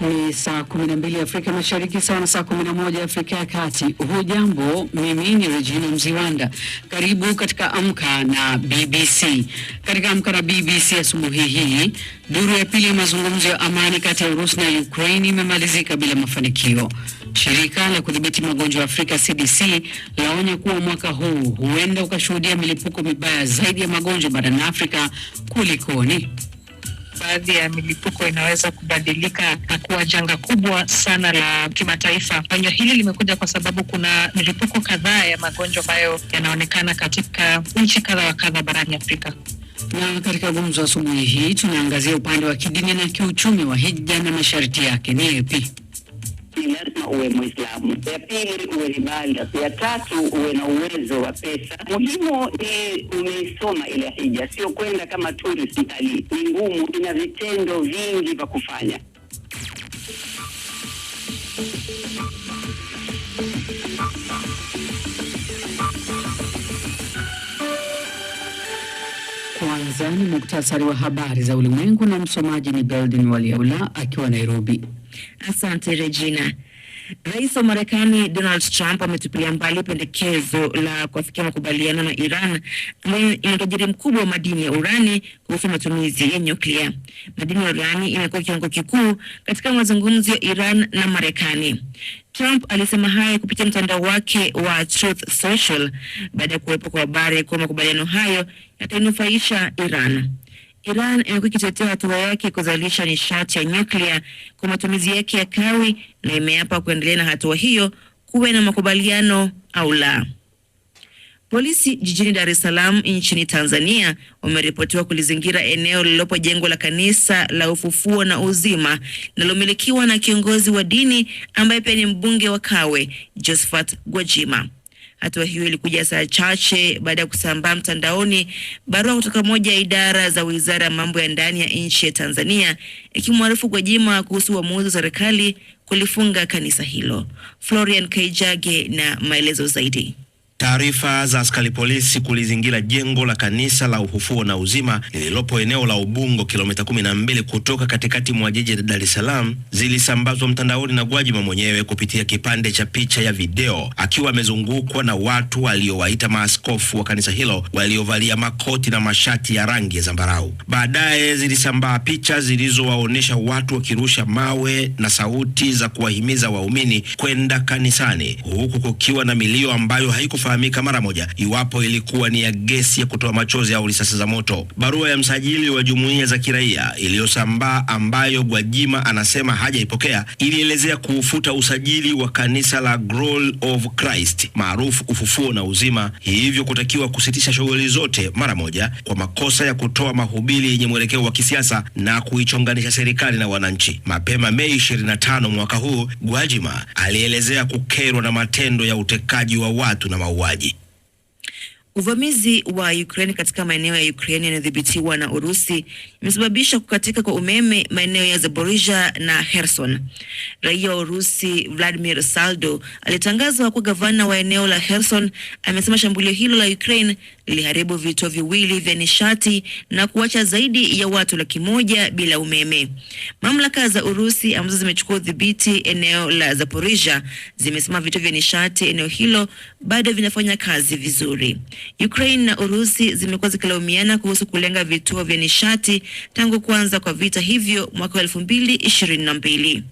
Ni saa 12 Afrika Mashariki, sawa na saa 11 Afrika ya Kati. Hujambo, mimi ni Regina Mziwanda. Karibu katika Amka na BBC. Katika Amka na BBC asubuhi hii, duru ya pili ya mazungumzo ya amani kati ya Urusi na Ukraini imemalizika bila mafanikio. Shirika la kudhibiti magonjwa Afrika CDC laonya kuwa mwaka huu huenda ukashuhudia milipuko mibaya zaidi ya magonjwa barani Afrika kulikoni baadhi ya milipuko inaweza kubadilika na kuwa janga kubwa sana la kimataifa. Onyo hili limekuja kwa sababu kuna milipuko kadhaa ya magonjwa ambayo yanaonekana katika nchi kadha wa kadha barani Afrika. Na katika gumzo asubuhi hii tunaangazia upande wa kidini na kiuchumi wa hija na masharti yake. Ni yepi? si lazima uwe Mwislamu. Ya pili uwe ibada. Ya tatu uwe na uwezo wa pesa. Muhimu ni umeisoma ile hija, sio kwenda kama tourist mtalii. Ni ngumu, ina vitendo vingi vya kufanya. Kwanza muktasari wa habari za ulimwengu na msomaji ni Beldin Waliaula akiwa Nairobi. Asante Regina. Rais wa Marekani Donald Trump ametupilia mbali pendekezo la kuafikia makubaliano na Iran ambayo ina utajiri mkubwa wa madini ya urani kuhusu matumizi ya nyuklia. Madini ya urani imekuwa kiwango kikuu katika mazungumzo ya Iran na Marekani. Trump alisema haya kupitia mtandao wake wa Truth Social baada ya kuwepo kwa habari kuwa makubaliano hayo yatainufaisha Iran. Iran imekuwa ikitetea hatua yake kuzalisha nishati ya nyuklia kwa matumizi yake ya kawi na imeapa kuendelea na hatua hiyo kuwe na makubaliano au la. Polisi jijini Dar es Salaam nchini Tanzania wameripotiwa kulizingira eneo lililopo jengo la kanisa la Ufufuo na Uzima linalomilikiwa na kiongozi wa dini ambaye pia ni mbunge wa Kawe, Josephat Gwajima. Hatua hiyo ilikuja saa chache baada ya kusambaa mtandaoni barua kutoka moja ya idara za Wizara ya Mambo ya Ndani ya nchi ya Tanzania ikimwarifu Gwajima kuhusu uamuzi wa serikali kulifunga kanisa hilo. Florian Kaijage na maelezo zaidi. Taarifa za askari polisi kulizingira jengo la kanisa la Ufufuo na Uzima lililopo eneo la Ubungo, kilomita kumi na mbili kutoka katikati mwa jiji la Dar es Salaam zilisambazwa mtandaoni na Gwajima mwenyewe kupitia kipande cha picha ya video akiwa amezungukwa na watu waliowaita maaskofu wa kanisa hilo waliovalia makoti na mashati ya rangi ya zambarau. Baadaye zilisambaa picha zilizowaonyesha watu wakirusha mawe na sauti za kuwahimiza waumini kwenda kanisani huku kukiwa na milio ambayo haiku kulifahamika mara moja iwapo ilikuwa ni ya gesi ya kutoa machozi au risasi za moto. Barua ya msajili wa jumuiya za kiraia iliyosambaa ambayo Gwajima anasema hajaipokea ilielezea kuufuta usajili wa kanisa la Glory of Christ maarufu Ufufuo na Uzima, hivyo kutakiwa kusitisha shughuli zote mara moja kwa makosa ya kutoa mahubiri yenye mwelekeo wa kisiasa na kuichonganisha serikali na wananchi. Mapema Mei 25 mwaka huu, Gwajima alielezea kukerwa na matendo ya utekaji wa watu na mauaji mauaji. Uvamizi wa Ukraine katika maeneo ya Ukraine yanayodhibitiwa na Urusi imesababisha kukatika kwa umeme maeneo ya Zaporizhia na Kherson. Raia wa Urusi Vladimir Saldo, alitangazwa kuwa gavana wa eneo la Kherson, amesema shambulio hilo la Ukraine iliharibu vituo viwili vya nishati na kuacha zaidi ya watu laki moja bila umeme. Mamlaka za Urusi ambazo zimechukua udhibiti eneo la Zaporizhia zimesema vituo vya nishati eneo hilo bado vinafanya kazi vizuri. Ukraine na Urusi zimekuwa zikilaumiana kuhusu kulenga vituo vya nishati tangu kuanza kwa vita hivyo mwaka wa elfu mbili ishirini na mbili.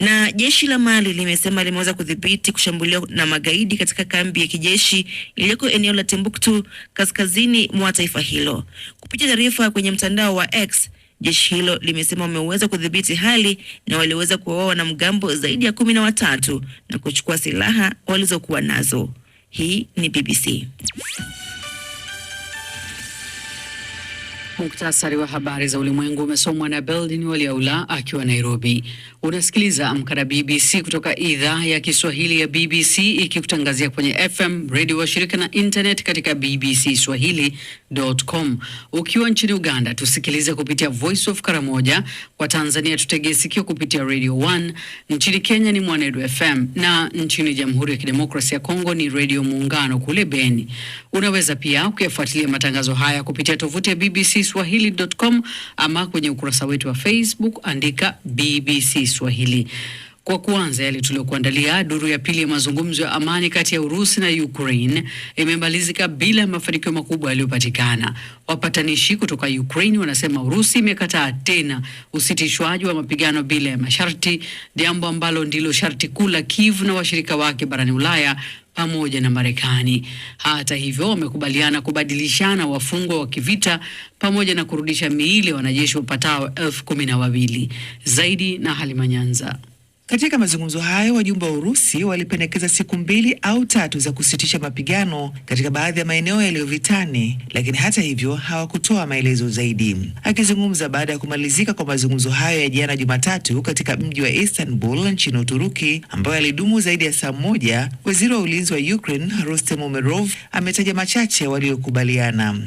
Na jeshi la Mali limesema limeweza kudhibiti kushambuliwa na magaidi katika kambi ya kijeshi iliyoko eneo la Timbuktu kaskazini mwa taifa hilo. Kupitia taarifa kwenye mtandao wa X, jeshi hilo limesema wameweza kudhibiti hali na waliweza kuwaua wanamgambo zaidi ya kumi na watatu na kuchukua silaha walizokuwa nazo. Hii ni BBC. Muktasari wa habari za ulimwengu umesomwa na Beldin Waliaula akiwa Nairobi. Unasikiliza Amkara BBC kutoka idhaa ya Kiswahili ya BBC ikikutangazia kwenye FM redio wa shirika na internet katika bbc Swahili.com. Ukiwa nchini Uganda tusikilize kupitia Voice of Karamoja, kwa Tanzania tutegee sikio kupitia Radio 1, nchini Kenya ni Mwanedu FM na nchini Jamhuri ya Kidemokrasia ya Kongo ni Radio Muungano kule Beni. Unaweza pia kuyafuatilia matangazo haya kupitia tovuti ya BBC bbcswahili.com ama kwenye ukurasa wetu wa Facebook andika BBC Swahili. Kwa kuanza yale tuliyokuandalia, duru ya pili ya mazungumzo ya amani kati ya Urusi na Ukraine imemalizika bila mafanikio makubwa yaliyopatikana. Wapatanishi kutoka Ukraine wanasema Urusi imekataa tena usitishwaji wa mapigano bila ya masharti, jambo ambalo ndilo sharti kuu la Kiev na washirika wake barani Ulaya pamoja na Marekani. Hata hivyo, wamekubaliana kubadilishana wafungwa wa kivita pamoja na kurudisha miili ya wanajeshi wapatao elfu kumi na wawili. Zaidi na Halima Nyanza. Katika mazungumzo hayo wajumbe wa Urusi walipendekeza siku mbili au tatu za kusitisha mapigano katika baadhi ya maeneo yaliyovitani, lakini hata hivyo hawakutoa maelezo zaidi. Akizungumza baada ya kumalizika kwa mazungumzo hayo ya jana Jumatatu katika mji wa Istanbul nchini Uturuki, ambayo yalidumu zaidi ya saa moja, waziri wa ulinzi wa Ukraine Rustem Umerov ametaja machache waliokubaliana.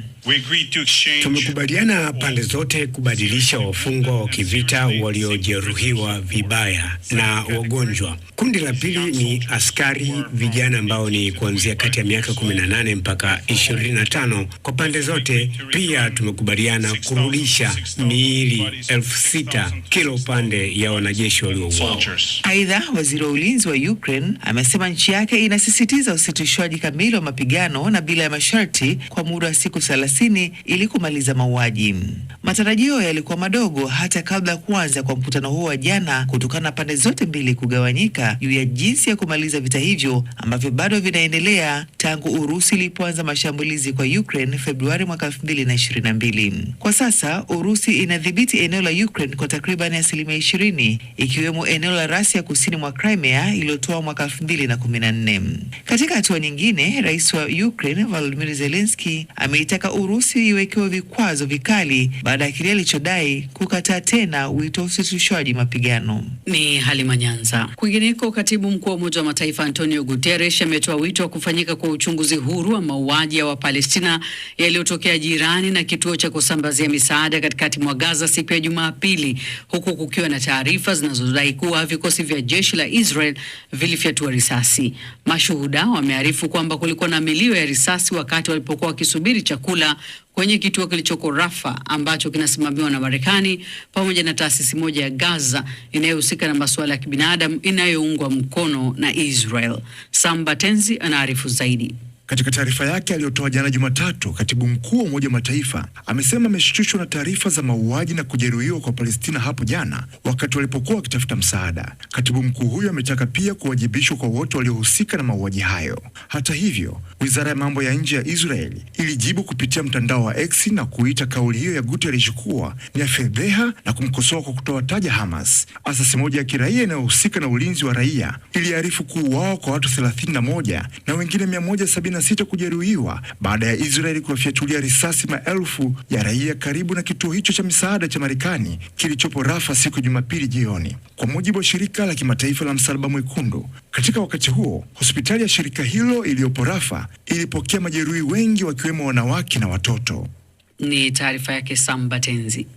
Tumekubaliana pande zote kubadilisha wafungwa wa kivita waliojeruhiwa vibaya na wagonjwa. Kundi la pili ni askari vijana ambao ni kuanzia kati ya miaka 18 mpaka 25. Kwa pande zote pia tumekubaliana kurudisha miili elfu sita kila upande ya wanajeshi waliouawa. Aidha, waziri wa ulinzi wa Ukraine amesema nchi yake inasisitiza usitishwaji kamili wa mapigano na bila ya masharti kwa muda wa siku 30 hamsini ili kumaliza mauaji. Matarajio yalikuwa madogo hata kabla ya kuanza kwa mkutano huo wa jana, kutokana na pande zote mbili kugawanyika juu ya jinsi ya kumaliza vita hivyo ambavyo bado vinaendelea tangu Urusi ilipoanza mashambulizi kwa Ukraine Februari mwaka mbili. Kwa sasa Urusi inadhibiti eneo la Ukraine kwa takriban asilimia ishirini ikiwemo eneo la rasi ya kusini mwa Crimea iliyotoa mwaka nne. Katika hatua nyingine, rais wa Ukraine Volodymyr Zelensky ameitaka Urusi iwekewe vikwazo vikali baada ya kile alichodai kukataa tena wito wa usitishwaji mapigano. Ni Halima Nyanza. Kwingineko, katibu mkuu wa Umoja wa Mataifa Antonio Guterres ametoa wito wa kufanyika kwa uchunguzi huru wa mauaji ya Wapalestina yaliyotokea jirani na kituo cha kusambazia misaada katikati mwa Gaza siku ya Jumapili, huku kukiwa na taarifa zinazodai kuwa vikosi vya jeshi la Israel vilifyatua risasi. Mashuhuda wamearifu kwamba kulikuwa na milio ya risasi wakati walipokuwa wakisubiri chakula Uingereza kwenye kituo kilichoko Rafa ambacho kinasimamiwa na Marekani pamoja na taasisi moja ya Gaza inayohusika na masuala ya kibinadamu inayoungwa mkono na Israel. Samba Tenzi anaarifu zaidi. Katika taarifa yake aliyotoa jana Jumatatu, katibu mkuu wa Umoja wa Mataifa amesema ameshtushwa na taarifa za mauaji na kujeruhiwa kwa Palestina hapo jana wakati walipokuwa wakitafuta msaada. Katibu mkuu huyo ametaka pia kuwajibishwa kwa wote waliohusika na mauaji hayo. Hata hivyo, wizara ya mambo ya nje ya Israeli ilijibu kupitia mtandao wa X na kuita kauli hiyo ya Guterres kuwa ni ya fedheha na kumkosoa kwa kutoa taja Hamas. Asasi moja ya kiraia inayohusika na ulinzi wa raia iliarifu kuuawa kwa watu 31 na wengine 170 sita kujeruhiwa baada ya Israeli kuwafyatulia risasi maelfu ya raia karibu na kituo hicho cha misaada cha Marekani kilichopo Rafa siku ya Jumapili jioni, kwa mujibu wa shirika la kimataifa la Msalaba Mwekundu. Katika wakati huo, hospitali ya shirika hilo iliyopo Rafa ilipokea majeruhi wengi wakiwemo wanawake na watoto. Ni taarifa yake Tenzi.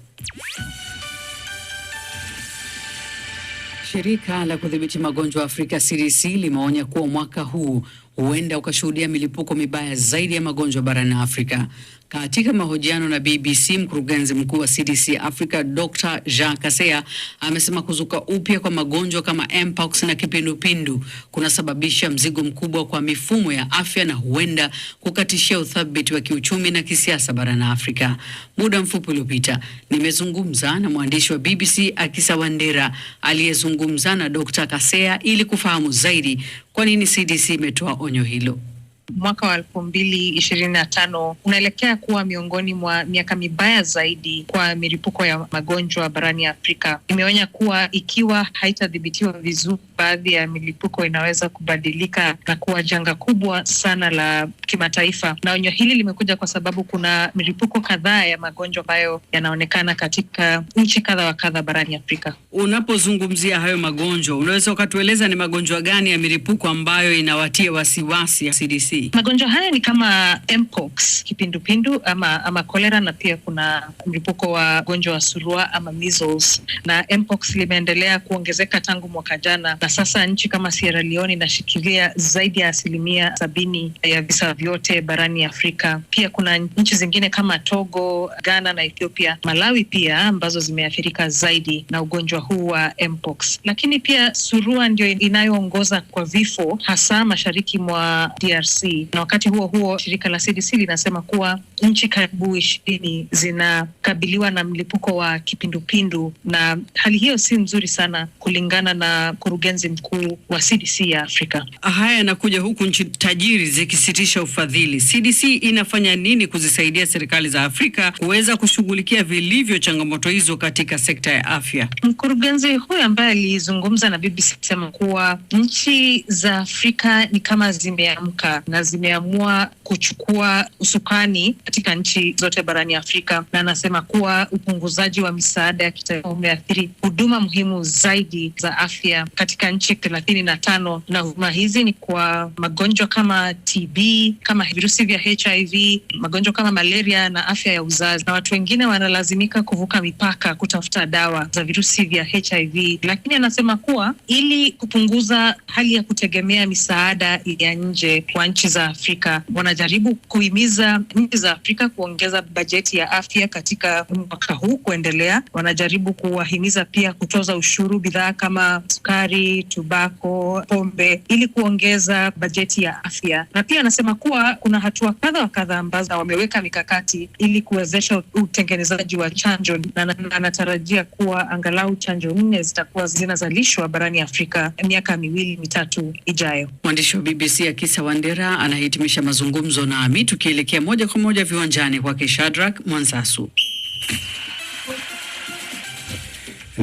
Shirika la kudhibiti magonjwa Afrika CDC limeonya kuwa mwaka huu huenda ukashuhudia milipuko mibaya zaidi ya magonjwa barani Afrika. Katika mahojiano na BBC, mkurugenzi mkuu wa CDC Africa Dr Jean Kaseya amesema kuzuka upya kwa magonjwa kama mpox na kipindupindu kunasababisha mzigo mkubwa kwa mifumo ya afya na huenda kukatishia uthabiti wa kiuchumi na kisiasa barani Afrika. Muda mfupi uliopita nimezungumza na mwandishi wa BBC Akisa Wandera aliyezungumza na Dr Kaseya ili kufahamu zaidi kwa nini CDC imetoa onyo hilo? mwaka wa elfu mbili ishirini na tano unaelekea kuwa miongoni mwa miaka mibaya zaidi kwa milipuko ya magonjwa barani Afrika. Imeonya kuwa ikiwa haitadhibitiwa vizuri, baadhi ya milipuko inaweza kubadilika na kuwa janga kubwa sana la kimataifa. Na onyo hili limekuja kwa sababu kuna milipuko kadhaa ya magonjwa ambayo yanaonekana katika nchi kadha wa kadha barani Afrika. Unapozungumzia hayo magonjwa, unaweza ukatueleza ni magonjwa gani ya milipuko ambayo inawatia wasiwasi ya CDC? Magonjwa haya ni kama mpox, kipindupindu ama ama kolera, na pia kuna mlipuko wa ugonjwa wa surua ama measles, na mpox limeendelea kuongezeka tangu mwaka jana, na sasa nchi kama Sierra Leone inashikilia zaidi ya asilimia sabini ya visa vyote barani Afrika. Pia kuna nchi zingine kama Togo, Ghana na Ethiopia, Malawi pia ambazo zimeathirika zaidi na ugonjwa huu wa mpox. Lakini pia surua ndio inayoongoza kwa vifo hasa mashariki mwa DRC DRC. Na wakati huo huo, shirika la CDC linasema kuwa nchi karibu ishirini zinakabiliwa na mlipuko wa kipindupindu, na hali hiyo si nzuri sana, kulingana na mkurugenzi mkuu wa CDC ya Afrika. Haya yanakuja huku nchi tajiri zikisitisha ufadhili. CDC inafanya nini kuzisaidia serikali za Afrika kuweza kushughulikia vilivyo changamoto hizo katika sekta ya afya? Mkurugenzi huyo ambaye alizungumza na BBC sema kuwa nchi za Afrika ni kama zimeamka na zimeamua kuchukua usukani katika nchi zote barani Afrika, na anasema kuwa upunguzaji wa misaada ya kitaifa umeathiri huduma muhimu zaidi za afya katika nchi thelathini na tano, na huduma hizi ni kwa magonjwa kama TB, kama virusi vya HIV, magonjwa kama malaria na afya ya uzazi, na watu wengine wanalazimika kuvuka mipaka kutafuta dawa za virusi vya HIV. Lakini anasema kuwa ili kupunguza hali ya kutegemea misaada ya nje kwa nchi nchi za Afrika. Wanajaribu kuhimiza nchi za Afrika kuongeza bajeti ya afya katika mwaka huu kuendelea. Wanajaribu kuwahimiza pia kutoza ushuru bidhaa kama sukari, tubako, pombe ili kuongeza bajeti ya afya, na pia anasema kuwa kuna hatua kadha wa kadha ambazo wameweka mikakati ili kuwezesha utengenezaji wa chanjo, na anatarajia kuwa angalau chanjo nne zitakuwa zinazalishwa barani Afrika miaka miwili mitatu ijayo. Mwandishi wa BBC Akisa Wandera anahitimisha mazungumzo nami, tukielekea moja kwa moja viwanjani kwake Shadrack Mwanzasu.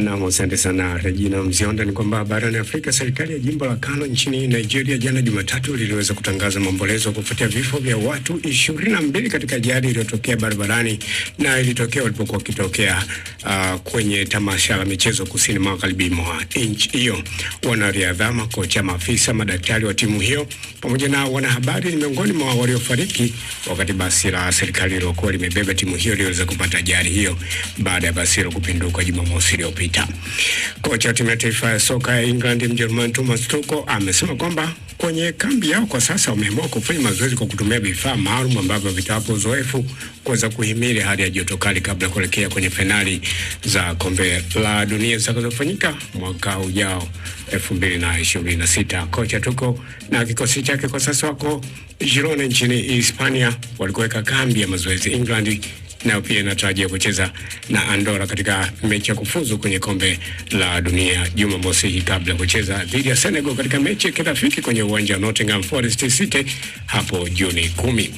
Naam, asante sana Regina Mzionda. Ni kwamba barani Afrika, serikali ya jimbo la Kano nchini Nigeria jana Jumatatu liliweza kutangaza maombolezo kufuatia vifo vya watu ishirini na mbili katika ajali iliyotokea barabarani na ilitokea walipokuwa wakitokea uh, kwenye tamasha la michezo kusini magharibi mwa nchi hiyo. Wanariadha, makocha, maafisa, madaktari wa timu hiyo pamoja na wanahabari ni miongoni mwa waliofariki wakati basi la serikali lilokuwa limebeba timu hiyo liliweza kupata ajali hiyo baada ya basi hilo kupinduka Jumamosi iliyopita iliyopita. Kocha wa timu ya taifa ya soka ya England Mjerumani Thomas Tuchel amesema kwamba kwenye kambi yao kwa sasa wameamua kufanya mazoezi kwa kutumia vifaa maalum ambavyo vitawapa uzoefu kuweza kuhimili hali ya joto kali kabla ya kuelekea kwenye fainali za kombe la dunia zitakazofanyika mwaka ujao 2026. Kocha Tuko na kikosi chake kwa sasa wako Girona nchini Hispania, walikuweka kambi ya mazoezi England nayo pia inatarajia kucheza na Andorra katika mechi ya kufuzu kwenye kombe la dunia Jumamosi hii kabla ya kucheza dhidi ya Senegal katika mechi ya kirafiki kwenye uwanja wa Nottingham Forest City hapo Juni kumi.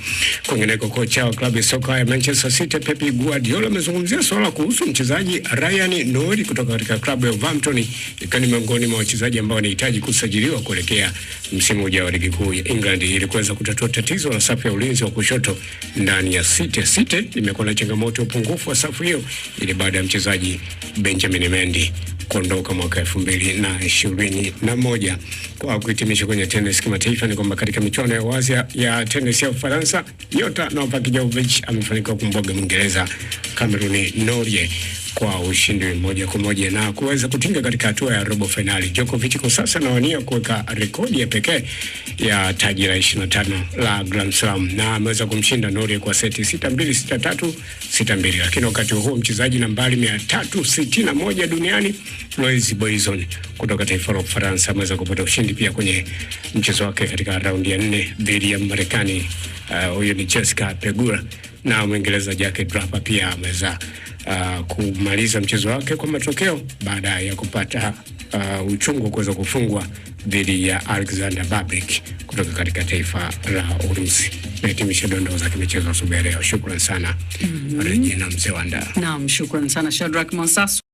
Kwingineko, kocha wa klabu ya soka ya Manchester City Pep Guardiola amezungumzia swala kuhusu mchezaji Ryan Norri kutoka katika klabu ya Wolverhampton ikiwa ni miongoni mwa wachezaji ambao wanahitaji kusajiliwa kuelekea msimu ujao wa ligi kuu ya England ili kuweza kutatua tatizo la safu ya ulinzi wa kushoto ndani ya City. City imekuwa na changamoto ya upungufu wa safu hiyo ili baada ya mchezaji Benjamin Mendy kuondoka mwaka elfu mbili na ishirini na moja. Kwa kuhitimisha kwenye tenis kimataifa ni kwamba katika michuano ya wazi ya tenis ya Ufaransa, nyota Novak Djokovic amefanikiwa kumbwaga Mwingereza Cameron Norrie kwa ushindi moja kwa moja na kuweza kutinga katika hatua ya robo fainali. Djokovic kwa sasa anawania kuweka rekodi ya pekee ya taji la 25 la Grand Slam na ameweza kumshinda Norie kwa seti 6-2, 6-3, 6-2. Lakini wakati huo mchezaji nambari 361 duniani Loris Boyson kutoka taifa la Ufaransa ameweza kupata ushindi pia kwenye mchezo wake katika raundi ya nne dhidi ya Marekani. Huyo uh, ni Jessica Pegula na Mwingereza Jackie Draper pia ameweza uh, kumaliza mchezo wake kwa matokeo baada ya kupata uh, uchungu kuweza kufungwa dhidi ya Alexander Babrik kutoka katika taifa la Urusi. Nahitimisha dondoo za kimichezo asubuhi ya leo. Shukran sana mm -hmm. Rejina Msewanda. Naam, shukran sana Shadrack Monsasu.